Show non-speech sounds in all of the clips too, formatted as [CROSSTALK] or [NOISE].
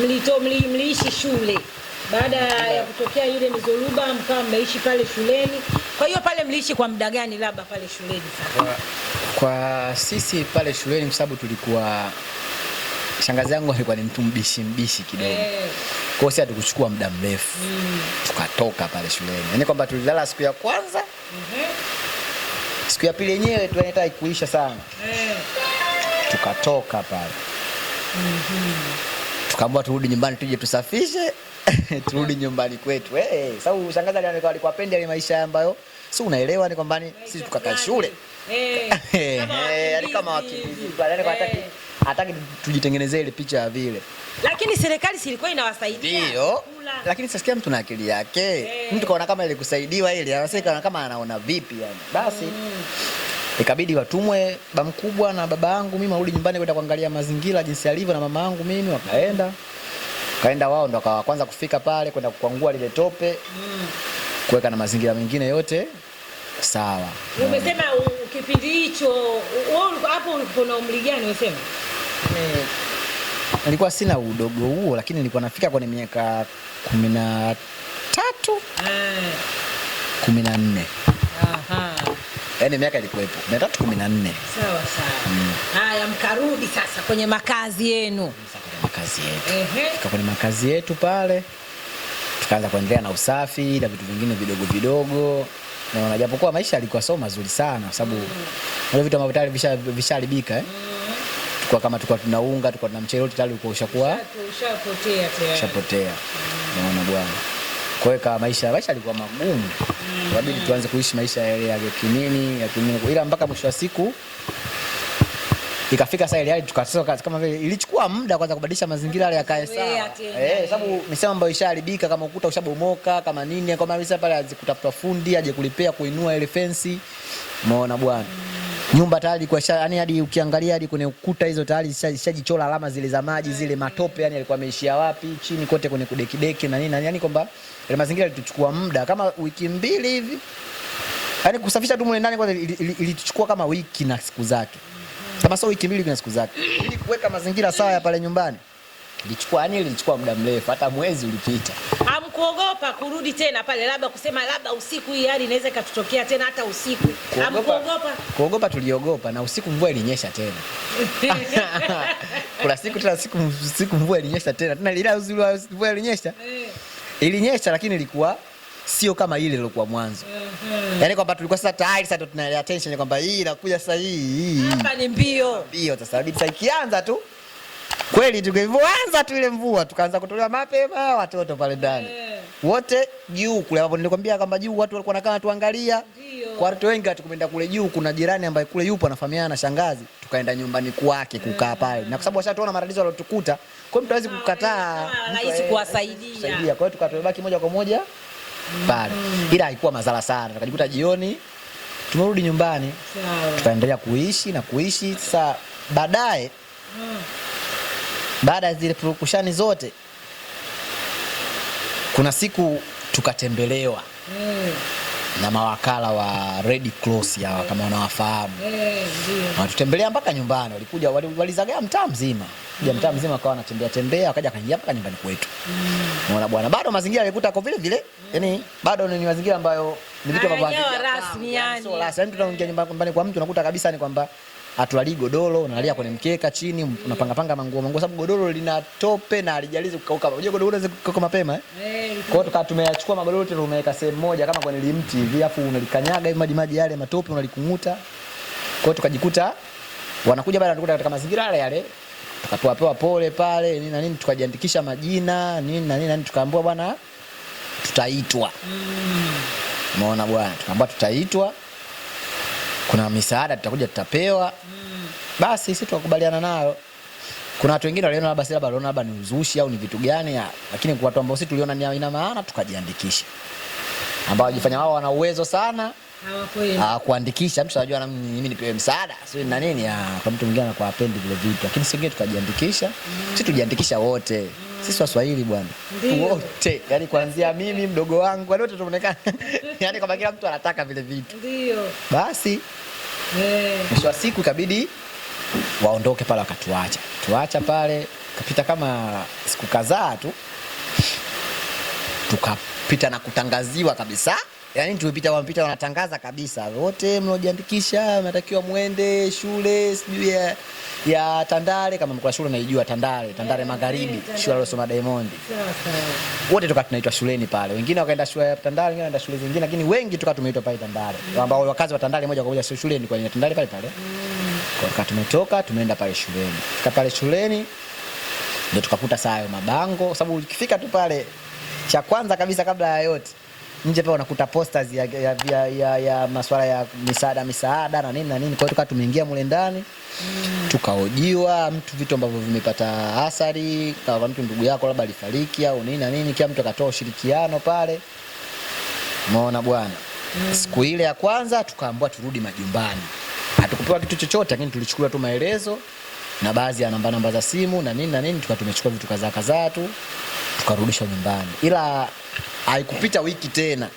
mlito mli, mliishi shule baada ya kutokea ile mizoruba mkawa mmeishi pale shuleni. Kwa hiyo pale mliishi kwa muda gani, labda pale shuleni Kwa, kwa sisi pale shuleni, sababu tulikuwa shangazi yangu alikuwa ni mtu mbishi mbishi kidogo hey. Eh. Kwa hiyo hatukuchukua muda mrefu mm. Tukatoka pale shuleni, yaani kwamba tulilala siku ya kwanza mm -hmm. Siku ya pili yenyewe tunaita yaani ikuisha sana hey. Eh. Tukatoka pale mm -hmm tukaamua turudi nyumbani tuje tusafishe [LAUGHS] turudi nyumbani kwetu. eh, Hey, sababu shangazi alikuwa alikuwa pende ile maisha ambayo si unaelewa ni kwamba sisi tukakaa shule. Eh, [LAUGHS] eh ni kama wakimbizi. kwa hataki hataki tujitengenezee ile picha ya vile. Lakini serikali si ilikuwa inawasaidia. Ndio. Lakini sasa sikia mtu na akili yake. Eh. Mtu kaona kama ile kusaidiwa ile, anasema kama anaona vipi yani. Basi. Mm. Nikabidi watumwe ba mkubwa na baba yangu mimi warudi nyumbani kwenda kuangalia mazingira jinsi yalivyo, na mama yangu mimi wakaenda kaenda wao ndo akawa kwanza kufika pale kwenda kukwangua lile tope kuweka na mazingira mengine yote sawa. Umesema kipindi hicho wewe hapo ulikuwa na umri gani? Umesema eh, nilikuwa sina udogo huo, lakini nilikuwa nafika kwenye miaka kumi na tatu eh. kumi na nne yani miaka ilikuwepo mia tatu kumi na nne. Sawa sawa. Haya, mkarudi sasa kwenye makazi yenu. Makazi yetu fika kwenye makazi yetu pale, tukaanza kuendelea na usafi na vitu vingine vidogo vidogo naona japokuwa maisha yalikuwa sio mazuri sana, kwa sababu mm. wale vitu ambavyo tayari visharibika eh, mm. tukua kama tukua tunaunga tukua tuna mchele tayari ushakuwa ushapotea tayari, ushapotea. Mm. Naona bwana kwa hiyo kama maisha maisha yalikuwa magumu, inabidi mm. tuanze kuishi maisha yale ya kinini ya kimungu, ila mpaka mwisho wa siku ikafika saa ile hali yaani tukasoka, kama vile ilichukua muda kwanza kubadilisha mazingira yale kae sawa, eh, sababu misemo ambayo ishaharibika kama ukuta ushabomoka kama nini, kwa maana pale azikutafuta fundi aje kulipea kuinua ile fensi, umeona bwana. Mm nyumba tayari kwa sha, yani hadi ukiangalia hadi kwenye ukuta hizo tayari zishajichora alama zile za maji zile matope, yani alikuwa ameishia wapi chini kote kwenye kudekideki na nini yani kwamba ile mazingira ilituchukua muda kama wiki mbili hivi, yani kusafisha tu mwe ndani kwanza ilituchukua kama wiki na siku zake, kama sio wiki mbili na siku zake, ili kuweka mazingira sawa ya pale nyumbani ilichukua, yani ilichukua muda mrefu, hata mwezi ulipita kuogopa kurudi tena pale, labda kusema labda usiku hii hali inaweza ikatutokea tena hata usiku. Amkuogopa kuogopa tuliogopa, na usiku mvua ilinyesha tena [LAUGHS] kuna siku tena siku, siku mvua ilinyesha tena tena ile mvua ilinyesha eh. ilinyesha, lakini ilikuwa sio kama ile iliyokuwa mwanzo. Eh, eh. Yaani kwamba tulikuwa sasa tayari sasa tunaelea tension kwamba hii inakuja sasa hii. Hapa ni mbio. Mbio sasa ikianza tu Kweli tulivyoanza tu ile mvua tukaanza kutolewa mapema watoto pale ndani. Yeah. Wote juu kule hapo nilikwambia kwamba juu watu walikuwa nakaa tuangalia. Ndio. Kwa watu wengi hatukwenda kule juu, kuna jirani ambaye kule yupo anafahamiana na shangazi, tukaenda nyumbani kwake kukaa yeah, pale. Na kwa sababu washatuona matatizo yalotukuta, kwa hiyo mtu hawezi ah, kukataa rahisi kuwasaidia. Kusaidia. Kwa hiyo tukatobaki moja kwa moja mm. pale. Mm. Ila haikuwa madhara sana. Tukajikuta jioni tumerudi nyumbani. Sawa. Tukaendelea kuishi na kuishi sasa baadaye. Mm. Baada ya zile purukushani zote, kuna siku tukatembelewa mm. na mawakala wa Red Cross hawa mm. kama unawafahamu mm. watutembelea mpaka nyumbani, walikuja walizagaa mtaa mzima kuja mm. mtaa mzima akawa anatembea tembea, wakaja akaingia mpaka nyumbani kwetu mm. ona bwana, bado mazingira yalikuta kwa vile vile mm. yani bado ni mazingira ambayo ni vitu ambavyo rasmi, yaani yani sio rasmi, yaani tunaingia nyumbani kwa mtu unakuta kabisa ni kwamba hatualii godoro, unalia kwenye mkeka chini, unapanga panga manguo manguo, sababu godoro lina tope na halijalizi kukauka. Unajua godoro unaweza kukauka mapema eh. eh Kwa hiyo tukawa tumeyachukua magodoro yote tumeweka sehemu moja kama kwenye limti hivi, afu unalikanyaga hivi maji maji yale matope unalikunguta. Kwa hiyo tukajikuta wanakuja baada, tukuta katika mazingira yale yale, tukapewa pole pale nini na nini, tukajiandikisha majina nini na nini na nini, tukaambiwa bwana tutaitwa. Mm. Umeona bwana, tukaambiwa tutaitwa kuna misaada tutakuja tutapewa, mm. Basi sisi tukakubaliana nayo. Kuna watu wengine waliona labda labda waliona labda ni uzushi au ni vitu gani, lakini kwa watu ambao sisi tuliona ni ina maana tukajiandikisha, ambao wajifanya wao wana uwezo sana Ah, kuandikisha mtu anajua mimi nipewe msaada sio na nini, ah, kwa mtu mwingine anakuwa apendi vile vitu, lakini sisi tukajiandikisha, sisi tujiandikisha wote. Sisi Waswahili bwana wote, yani kuanzia mimi mdogo wangu wote tunaonekana [LAUGHS] yani kwamba kila mtu anataka vile vitu. Ndio basi eh. mwisho wa siku ikabidi waondoke pale, wakatuacha tuacha pale. Kapita kama siku kadhaa tu, tukapita na kutangaziwa kabisa Yaani tulipita wampita wanatangaza kabisa, wote mnaojiandikisha mnatakiwa mwende shule sijui ya ya Tandale kama mko shule naijua Tandale, Tandale Magharibi, shule alosoma Diamond. Wote tukawa tunaitwa shuleni pale. Wengine wakaenda shule ya Tandale, wengine wakaenda shule zingine, lakini wengi tukawa tumeitwa pale Tandale. Mm. Ambao wakazi wa Tandale moja kwa moja sio shuleni kwa Tandale pale pale. Mm. Kwa wakati tumetoka tumeenda pale shuleni. Fika pale shuleni ndio tukakuta saa hayo mabango, sababu ukifika tu pale cha kwanza kabisa kabla ya yote nje pale unakuta posters ya, ya, ya, ya, ya masuala ya misaada misaada na nini na nini. Kwa hiyo tukawa tumeingia mule ndani mm. tukaojiwa mtu vitu ambavyo vimepata athari kama mtu ndugu yako labda alifariki au nini na nini, kila mtu akatoa ushirikiano pale, umeona bwana mm. siku ile ya kwanza tukaambiwa turudi majumbani, hatukupewa kitu chochote, lakini tulichukua tu maelezo na baadhi ya namba namba za simu na nini na nini, tukatumechukua vitu kadhaa kadhaa tu tukarudishwa nyumbani, ila haikupita wiki tena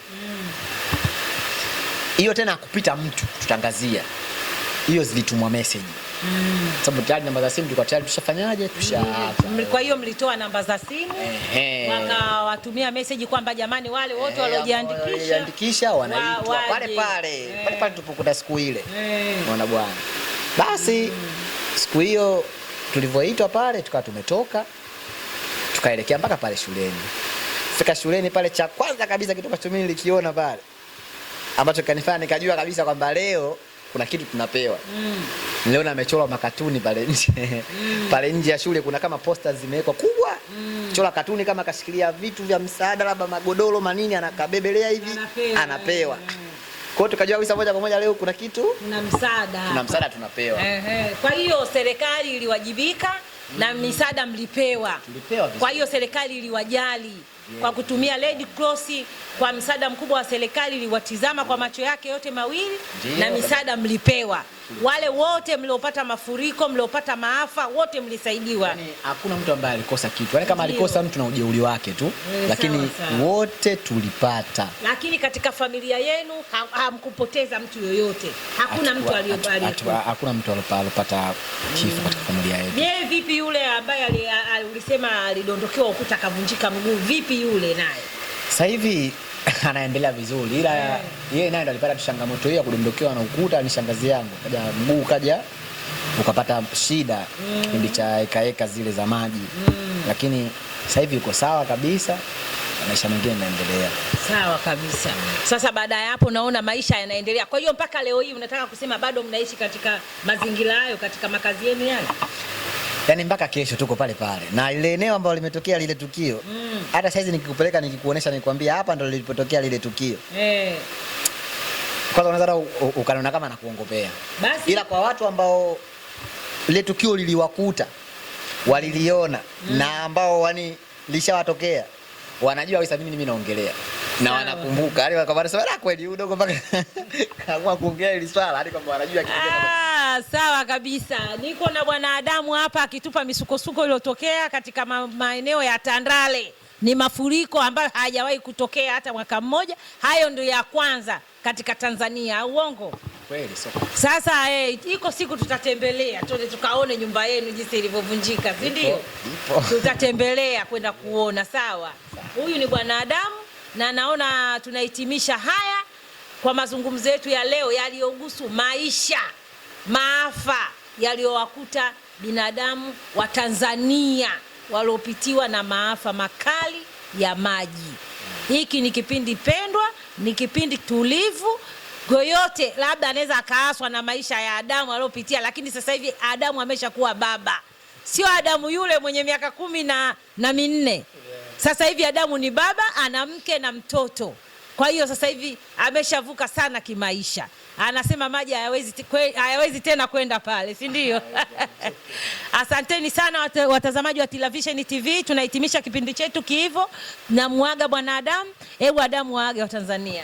hiyo mm. tena akupita mtu tutangazia hiyo, zilitumwa message mm. sababu tayari namba za simu tulikuwa tayari tushafanyaje, tusha mm. kwa hiyo mlitoa namba za simu wakawatumia message kwamba jamani, wale wote eh, waliojiandikisha wanaitwa wa, pale pale eh. pale pale tupokuta siku ile eh. Mwana bwana basi mm. siku hiyo tulivyoitwa pale tukawa tumetoka tukaelekea mpaka pale shuleni. Fika shuleni pale, cha kwanza kabisa kitu ambacho mimi nilikiona pale ambacho kanifanya nikajua kabisa kwamba leo kuna kitu tunapewa. Mm. Niliona amechora makatuni pale nje. Mm. [LAUGHS] Pale nje ya shule kuna kama posters zimewekwa kubwa. Mm. Chora katuni kama kashikilia vitu vya msaada labda magodoro manini anakabebelea hivi anapewa. Anapewa. Mm. Kwa hiyo tukajua kabisa moja kwa moja leo kuna kitu, kuna msaada. Kuna msaada tunapewa. Ehe. Kwa hiyo serikali iliwajibika na misaada mlipewa, mlipewa. Kwa hiyo serikali iliwajali kwa kutumia Red Cross kwa msaada mkubwa wa serikali iliwatizama kwa macho yake yote mawili Jee. na misaada mlipewa wale wote mliopata mafuriko mliopata maafa wote mlisaidiwa. Yani, hakuna mtu ambaye alikosa kitu yani, kama alikosa mtu na ujeuri wake tu Jee, eh, lakini sawa, sawa. wote tulipata. Lakini katika familia yenu hamkupoteza mtu yoyote, hakuna mtu aliyobariki, hakuna mtu aliopata kifo katika familia yetu. Je, vipi yule ambaye ulisema alidondokewa ukuta akavunjika mguu vipi? vipi yule naye? Sasa hivi [LAUGHS] anaendelea vizuri, ila yeah. naye ndo alipata changamoto hiyo ya kudondokewa na ukuta, ni shangazi yangu, kaja mguu kaja ukapata shida mm. cha ekaeka zile za maji mm. lakini sasa hivi yuko sawa kabisa, maisha mengine yanaendelea sawa kabisa. Sasa baada ya hapo, naona maisha yanaendelea. Kwa hiyo mpaka leo hii unataka kusema bado mnaishi katika mazingira hayo, katika makazi yenu yale? Yaani mpaka kesho tuko pale pale. Na ile eneo ambalo limetokea lile tukio. Mm. Hata mm. saizi nikikupeleka nikikuonesha nikwambia hapa ndo lilipotokea lile tukio. Eh. Kwanza unaweza ukaniona kama nakuongopea. Ila kwa watu ambao lile tukio liliwakuta waliliona mm. na ambao yani lishawatokea wanajua kabisa mimi mimi naongelea na wanakumbuka kwa yaani wanasema sawa kweli udogo mpaka [LAUGHS] kaamua kuongea hili swala hadi yaani kwamba wanajua kitu ah, sawa kabisa. Niko na bwana Adamu hapa akitupa misukosuko iliyotokea katika ma maeneo ya Tandale. Ni mafuriko ambayo hayajawahi kutokea hata mwaka mmoja. Hayo ndio ya kwanza katika Tanzania, uongo kweli? So sasa hey, eh, iko siku tutatembelea tuende tukaone nyumba yenu jinsi ilivyovunjika, si ndio? Tutatembelea kwenda kuona. Sawa, huyu ni bwana Adamu na naona tunahitimisha haya kwa mazungumzo yetu ya leo yaliyohusu maisha, maafa yaliyowakuta binadamu wa Tanzania waliopitiwa na maafa makali ya maji. Hiki ni kipindi pendwa, ni kipindi tulivu. Yoyote labda anaweza akaaswa na maisha ya Adamu aliyopitia, lakini sasa hivi Adamu ameshakuwa baba, sio Adamu yule mwenye miaka kumi na, na minne. Sasa hivi Adamu ni baba, ana mke na mtoto. Kwa hiyo sasa hivi ameshavuka sana kimaisha, anasema maji hayawezi tena kwenda pale, si ndio? [LAUGHS] Asanteni sana watazamaji wa Television TV, tunahitimisha kipindi chetu na Namuaga bwana Adamu. Ewe Adamu, waage Watanzania.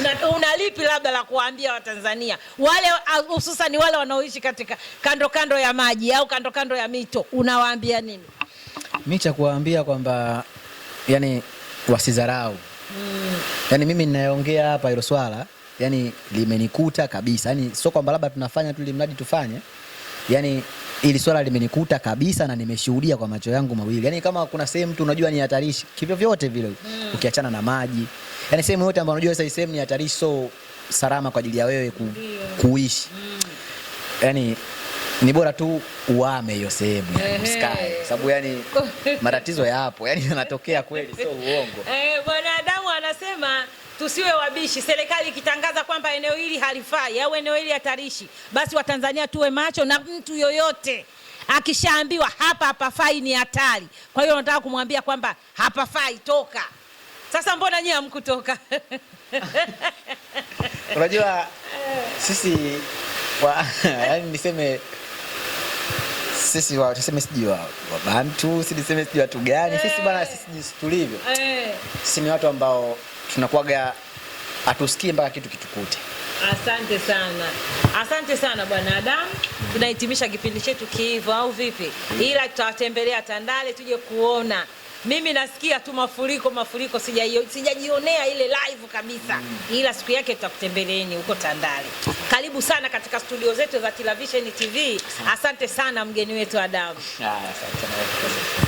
Una, una lipi labda la kuwaambia Watanzania wale hususan wale wanaoishi katika kando kando ya maji au kando kando ya mito, unawaambia nini? mi cha kuwaambia kwamba yani wasidharau mm. Yani mimi ninayeongea hapa hilo swala yani limenikuta kabisa, yani sio kwamba labda tunafanya tu limradi tufanye, yani ili swala limenikuta kabisa na nimeshuhudia kwa macho yangu mawili. Yani kama kuna sehemu tu unajua ni hatarishi kivyo vyote vile mm. ukiachana na maji, yani sehemu yote ambayo unajua sasa sehemu ni hatarishi, so salama kwa ajili ya wewe ku, kuishi mm. yani ni bora tu uame hiyo sehemu usikae, sababu yani [LAUGHS] matatizo yapo, yani yanatokea kweli, sio uongo. Eh, bwanadamu anasema tusiwe wabishi. Serikali ikitangaza kwamba eneo hili halifai au eneo hili hatarishi, basi Watanzania tuwe macho, na mtu yoyote akishaambiwa hapa hapafai ni hatari, kwa hiyo nataka kumwambia kwamba hapafai, toka sasa. Mbona nyie hamkutoka? Unajua [LAUGHS] eh. sisi wa, [LAUGHS] yani niseme sisi wao tuseme sijui Wabantu, sisi tuseme sisi watu gani. Eh. Sisi bwana, sisi jinsi tulivyo, eh. sisi ni watu ambao tunakuaga atusikie mpaka kitu kitukute. Asante sana, asante sana bwana Adam. Tunahitimisha kipindi chetu kiivo, au vipi? Mm. Ila tutawatembelea Tandale tuje kuona mimi nasikia tu mafuriko mafuriko, sijajionea ile live kabisa mm. Ila siku yake tutakutembeleeni huko Tandale. Karibu sana katika studio zetu za Television TV. Asante sana mgeni wetu Adamu. Ah,